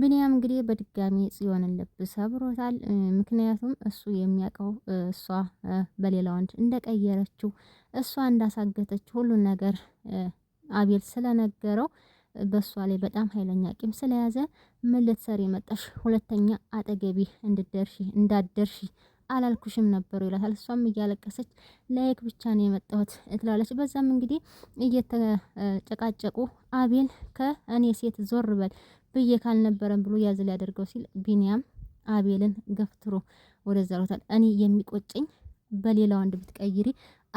ብንያም እንግዲህ በድጋሚ ጽዮንን ልብ ሰብሮታል። ምክንያቱም እሱ የሚያውቀው እሷ በሌላ ወንድ እንደቀየረችው እሷ እንዳሳገተችው ሁሉን ነገር አቤል ስለነገረው በእሷ ላይ በጣም ኃይለኛ ቂም ስለያዘ ምን ልትሰሪ መጣሽ? ሁለተኛ አጠገቢ እንድደርሺ እንዳደርሺ አላልኩሽም ነበሩ ይላታል። እሷም እያለቀሰች ላይክ ብቻ ነው የመጣሁት ትላለች። በዛም እንግዲህ እየተጨቃጨቁ አቤል ከእኔ ሴት ዞር በል ብዬ ካልነበረም ብሎ ያዝ ሊያደርገው ሲል ቢንያም አቤልን ገፍትሮ ወደዛ ሮታል። እኔ የሚቆጨኝ በሌላው አንድ ብትቀይሪ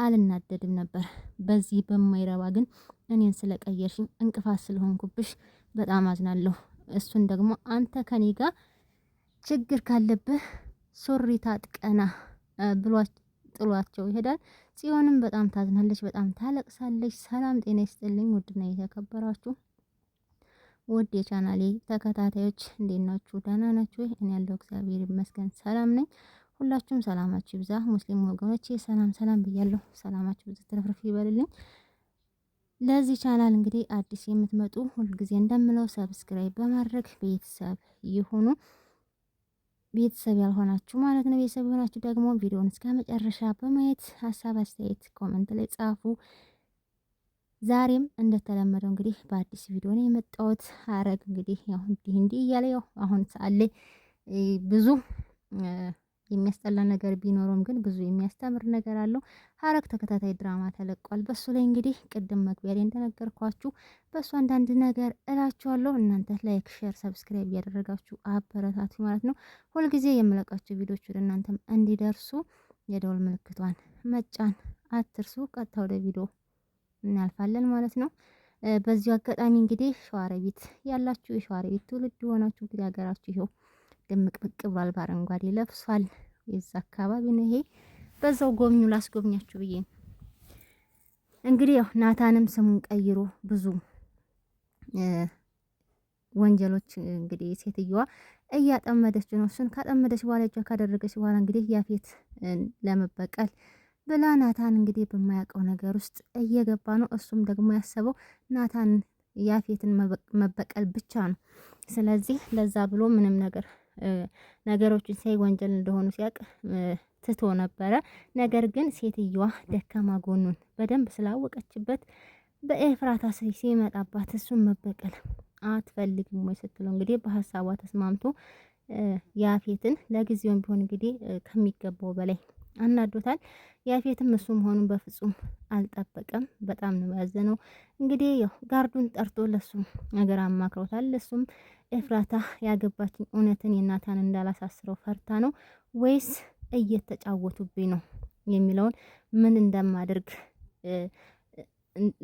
አልናደድም ነበር። በዚህ በማይረባ ግን እኔን ስለቀየርሽኝ እንቅፋት ስለሆንኩብሽ በጣም አዝናለሁ። እሱን ደግሞ አንተ ከኔ ጋር ችግር ካለብህ ሱሪ ታጥቀና ብሏት ጥሏቸው ይሄዳል። ጽዮንም በጣም ታዝናለች፣ በጣም ታለቅሳለች። ሰላም ጤና ይስጥልኝ ውድና የተከበራችሁ ውድ የቻናሌ ተከታታዮች እንዴት ናችሁ? ደህና ናችሁ? እኔ ያለው እግዚአብሔር ይመስገን ሰላም ነኝ። ሁላችሁም ሰላማችሁ ይብዛ። ሙስሊም ወገኖች ሰላም ሰላም ብያለሁ። ሰላማችሁ ብዙ ትርፍርፍ ይበልልኝ። ለዚህ ቻናል እንግዲህ አዲስ የምትመጡ ሁልጊዜ እንደምለው ሰብስክራይብ በማድረግ ቤተሰብ ይሁኑ። ቤተሰብ ያልሆናችሁ ማለት ነው። ቤተሰብ የሆናችሁ ደግሞ ቪዲዮውን እስከ መጨረሻ በማየት ሀሳብ አስተያየት ኮመንት ላይ ጻፉ። ዛሬም እንደተለመደው እንግዲህ በአዲስ ቪዲዮ ነው የመጣሁት። ሀረግ እንግዲህ ያው እንዲህ እንዲህ እያለ ያው አሁን ሰዓት ላይ ብዙ የሚያስጠላ ነገር ቢኖረውም ግን ብዙ የሚያስተምር ነገር አለው። ሀረግ ተከታታይ ድራማ ተለቋል። በሱ ላይ እንግዲህ ቅድም መግቢያ ላይ እንደነገርኳችሁ በሱ አንዳንድ ነገር እላችኋለሁ። እናንተ ላይክ፣ ሼር፣ ሰብስክራይብ እያደረጋችሁ አበረታቱ ማለት ነው። ሁልጊዜ የምለቃቸው ቪዲዮች ወደ እናንተም እንዲደርሱ የደውል ምልክቷን መጫን አትርሱ። ቀጥታ ወደ ቪዲዮ እናልፋለን ማለት ነው። በዚሁ አጋጣሚ እንግዲህ ሸዋሮቢት ያላችሁ የሸዋሮቢት ትውልድ የሆናችሁ እንግዲህ ሀገራችሁ ይኸው ድምቅ ብቅ ብሏል፣ በአረንጓዴ ለብሷል። የዛ አካባቢ ነው ይሄ። በዛው ጎብኙ፣ ላስጎብኛችሁ ብዬ እንግዲህ ያው ናታንም ስሙን ቀይሮ ብዙ ወንጀሎች እንግዲህ ሴትዮዋ እያጠመደች ነው። እሱን ካጠመደች በኋላ እጇ ካደረገች በኋላ እንግዲህ ያፌት ለመበቀል ብላ ናታን እንግዲህ በማያውቀው ነገር ውስጥ እየገባ ነው። እሱም ደግሞ ያሰበው ናታን ያፌትን መበቀል ብቻ ነው። ስለዚህ ለዛ ብሎ ምንም ነገር ነገሮችን ሳይ ወንጀል እንደሆኑ ሲያውቅ ትቶ ነበረ። ነገር ግን ሴትየዋ ደካማ ጎኑን በደንብ ስላወቀችበት በኤፍራታ ሲመጣባት እሱን መበቀል አትፈልግም ወይ ስትለው እንግዲህ በሀሳቧ ተስማምቶ ያፌትን ለጊዜውም ቢሆን እንግዲህ ከሚገባው በላይ አናዶታል። ያፌትም እሱ መሆኑን በፍጹም አልጠበቀም። በጣም ነው ያዘነው። እንግዲህ ያው ጋርዱን ጠርቶ ለሱ ነገር አማክሮታል። ለሱም ኤፍራታ ያገባችኝ እውነትን የናታን እንዳላሳስረው ፈርታ ነው ወይስ እየተጫወቱብኝ ነው የሚለውን ምን እንደማደርግ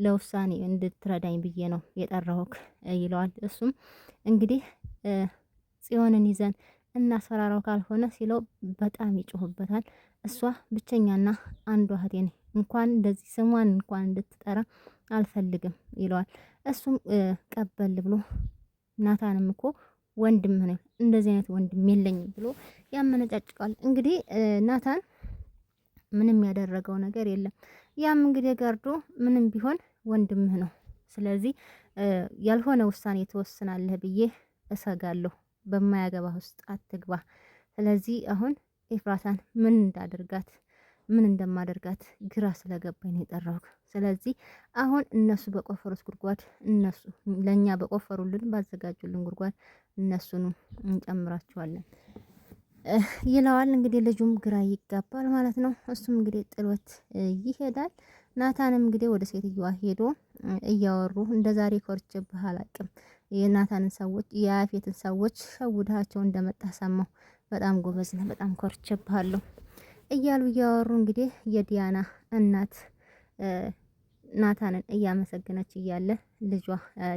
ለውሳኔ እንድትረዳኝ ብዬ ነው የጠራሁክ ይለዋል። እሱም እንግዲህ ጽዮንን ይዘን እናስፈራራው ካልሆነ ሲለው በጣም ይጮህበታል። እሷ ብቸኛና አንዷ እህቴ ነኝ፣ እንኳን እንደዚህ ስሟን እንኳን እንድትጠራ አልፈልግም ይለዋል። እሱም ቀበል ብሎ ናታንም እኮ ወንድም ነው እንደዚህ አይነት ወንድም የለኝም ብሎ ያመነጫጭቃል። እንግዲህ ናታን ምንም ያደረገው ነገር የለም። ያም እንግዲህ ጋርዶ ምንም ቢሆን ወንድምህ ነው፣ ስለዚህ ያልሆነ ውሳኔ ትወስናለህ ብዬ እሰጋለሁ በማያገባ ውስጥ አትግባ። ስለዚህ አሁን ኤፍራታን ምን እንዳደርጋት ምን እንደማደርጋት ግራ ስለገባኝ የጠራሁት። ስለዚህ አሁን እነሱ በቆፈሩት ጉድጓድ እነሱ ለእኛ በቆፈሩልን ባዘጋጁልን ጉድጓድ እነሱን እንጨምራቸዋለን። ይለዋል። እንግዲህ ልጁም ግራ ይጋባል ማለት ነው። እሱም እንግዲህ ጥሎት ይሄዳል። ናታንም እንግዲህ ወደ ሴትዮዋ ሄዶ እያወሩ እንደ ዛሬ ኮርች ባህል አቅም የናታንን ሰዎች የያፌትን ሰዎች ሸውድሃቸው እንደመጣ ሰማሁ። በጣም ጎበዝ ነህ፣ በጣም ኮርች ባህለሁ እያሉ እያወሩ እንግዲህ የዲያና እናት ናታንን እያመሰገነች እያለ ልጇ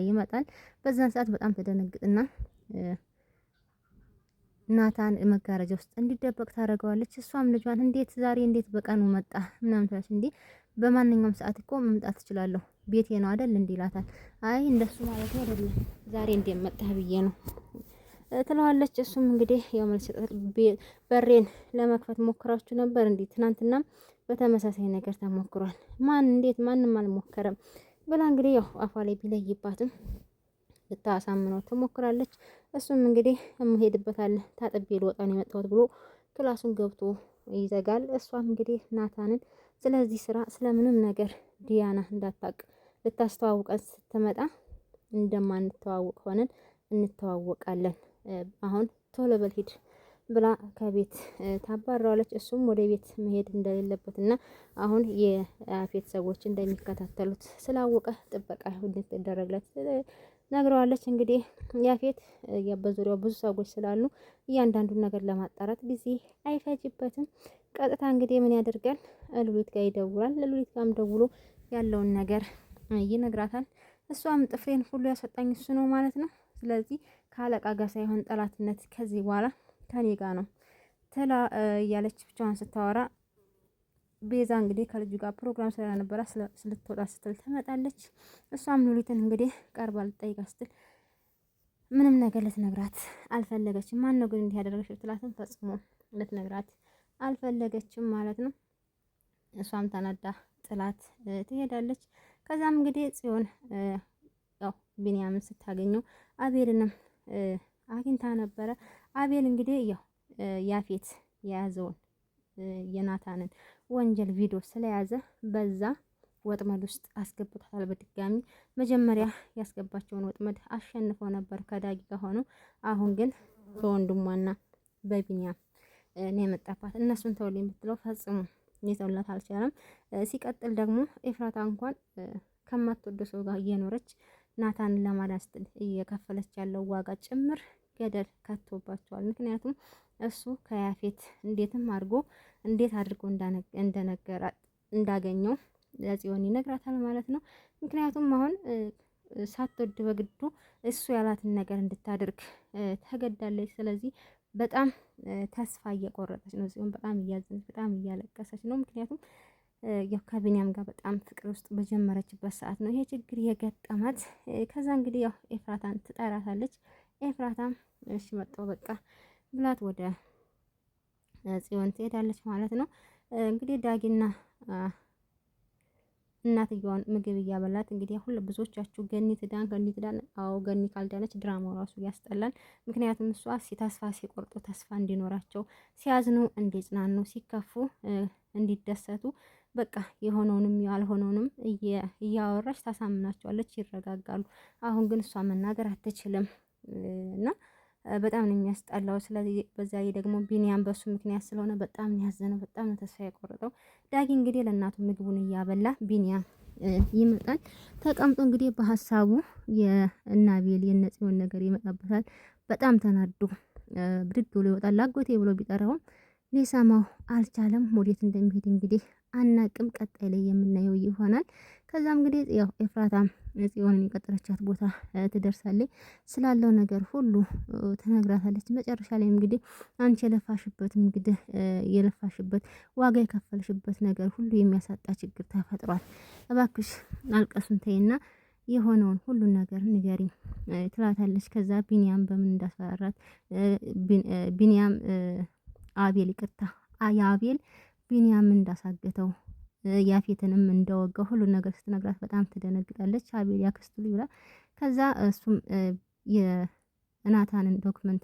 ይመጣል። በዛን ሰዓት በጣም ተደነግጥና ናታን መጋረጃ ውስጥ እንዲደበቅ ታደርገዋለች። እሷም ልጇን እንዴት ዛሬ እንዴት በቀኑ መጣ ምናምን ትላለች። እንዴ በማንኛውም ሰዓት እኮ መምጣት እችላለሁ ቤቴ ነው አደል እንዲ ይላታል። አይ እንደሱ ማለት ነው ዛሬ እንዴት ብዬ ነው ትለዋለች። እሱም እንግዲህ ያው መልስ በሬን ለመክፈት ሞክራችሁ ነበር እንዲ ትናንትና በተመሳሳይ ነገር ተሞክሯል። ማን እንዴት ማንም አልሞከረም ብላ እንግዲህ ያው አፏ ላይ ቢለይባትም ልታሳምነው ትሞክራለች። እሱም እንግዲህ እምሄድበታለሁ ታጥቤ ልወጣ ነው የመጣሁት ብሎ ክላሱን ገብቶ ይዘጋል። እሷም እንግዲህ ናታንን ስለዚህ ስራ ስለምንም ነገር ዲያና እንዳታቅ ልታስተዋውቀን ስትመጣ እንደማንተዋወቅ ሆነን እንተዋወቃለን፣ አሁን ቶሎ በል ሂድ ብላ ከቤት ታባረዋለች። እሱም ወደ ቤት መሄድ እንደሌለበት አሁን የአፌት ሰዎች እንደሚከታተሉት ስላወቀ ጥበቃ እንዲደረግለት ነግረዋለች። እንግዲህ ያፌት በዙሪያው ብዙ ሰዎች ስላሉ እያንዳንዱን ነገር ለማጣራት ጊዜ አይፈጅበትም። ቀጥታ እንግዲህ ምን ያደርጋል? ሉሊት ጋር ይደውላል። ሉሊት ጋርም ደውሎ ያለውን ነገር ይነግራታል። እሷም ጥፍሬን ሁሉ ያስወጣኝ እሱ ነው ማለት ነው። ስለዚህ ከአለቃ ጋር ሳይሆን ጠላትነት ከዚህ በኋላ ከኔ ጋር ነው ትላ እያለች ብቻዋን ስታወራ ቤዛ እንግዲህ ከልጁ ጋር ፕሮግራም ስለነበረ ስልትወጣ ስትል ትመጣለች። እሷም ሉሊትን እንግዲህ ቀርባ ልጠይቃ ስትል ምንም ነገር ልትነግራት አልፈለገችም። ማን ነው ግን እንዲህ ያደረገች ብትላትም ፈጽሞ ልትነግራት አልፈለገችም ማለት ነው። እሷም ተናዳ ጥላት ትሄዳለች። ከዛም እንግዲህ ጽዮን ያው ቢንያምን ስታገኘው አቤልንም አግኝታ ነበረ። አቤል እንግዲህ ያው ያፌት የያዘውን የናታንን ወንጀል ቪዲዮ ስለያዘ በዛ ወጥመድ ውስጥ አስገብቷታል። በድጋሚ መጀመሪያ ያስገባቸውን ወጥመድ አሸንፈው ነበር ከዳጊ ጋር ሆኖ፣ አሁን ግን በወንድሟና በቢኒያም ነው የመጣባት። እነሱን ተውልኝ የምትለው ፈጽሞ ሊተውላት አልቻለም። ሲቀጥል ደግሞ ኤፍራታ እንኳን ከማትወደው ሰው ጋር እየኖረች ናታንን ለማዳን ስትል እየከፈለች ያለው ዋጋ ጭምር ገደል ከቶባቸዋል። ምክንያቱም እሱ ከያፌት እንዴትም አድርጎ እንዴት አድርጎ እንደነገረ እንዳገኘው ለጽዮን ይነግራታል ማለት ነው። ምክንያቱም አሁን ሳትወድ በግዱ እሱ ያላትን ነገር እንድታደርግ ተገዳለች። ስለዚህ በጣም ተስፋ እየቆረጠች ነው ጽዮን፣ በጣም እያዘነች፣ በጣም እያለቀሰች ነው። ምክንያቱም ያው ከቢኒያም ጋር በጣም ፍቅር ውስጥ በጀመረችበት ሰዓት ነው ይሄ ችግር የገጠማት። ከዛ እንግዲህ ያው ኤፍራታን ትጠራታለች። ኤፍራታም እሺ መጣሁ በቃ ብላት ወደ ጽዮን ትሄዳለች ማለት ነው። እንግዲህ ዳጊና እናትየዋን ምግብ እያበላት እንግዲህ ሁሉ ብዙዎቻችሁ ገኒ ትዳን ገኒ ትዳን። አዎ ገኒ ካልዳነች ድራማው ራሱ ያስጠላል። ምክንያቱም እሷ ተስፋ ሲቆርጡ ተስፋ እንዲኖራቸው፣ ሲያዝኑ እንዲጽናኑ፣ ሲከፉ እንዲደሰቱ በቃ የሆነውንም ያልሆነውንም እያወራች ታሳምናቸዋለች፣ ይረጋጋሉ። አሁን ግን እሷ መናገር አትችልም። እና በጣም ነው የሚያስጠላው። ስለዚህ በዛ ደግሞ ቢኒያም በሱ ምክንያት ስለሆነ በጣም ያዘነው፣ በጣም ነው ተስፋ የቆረጠው። ዳጊ እንግዲህ ለእናቱ ምግቡን እያበላ ቢኒያም ይመጣል። ተቀምጦ እንግዲህ በሀሳቡ የእናቤል የነጽዮን ነገር ይመጣበታል። በጣም ተናዶ ብድግ ብሎ ይወጣል። ላጎቴ ብሎ ቢጠራውም ሊሰማው አልቻለም። ወዴት እንደሚሄድ እንግዲህ አናቅም። ቀጣይ ላይ የምናየው ይሆናል። ከዛም እንግዲህ ያው ኤፍራታም ጽዮንን የቀጠረቻት ቦታ ትደርሳለች። ስላለው ነገር ሁሉ ትነግራታለች። መጨረሻ ላይ እንግዲህ አንቺ የለፋሽበት እንግዲህ የለፋሽበት ዋጋ የከፈልሽበት ነገር ሁሉ የሚያሳጣ ችግር ተፈጥሯል። እባክሽ አልቀሱን ተይና የሆነውን ሁሉን ነገር ንገሪ ትላታለች። ከዛ ቢንያም በምን እንዳስፈራራት ቢንያም አቤል ይቅርታ የአቤል ቢንያም እንዳሳገተው ያፌትንም እንደወጋው ሁሉን ነገር ስትነግራት በጣም ትደነግጣለች። አቤል ያክስቱ ይላል። ከዛ እሱም የእናታንን ዶክመንት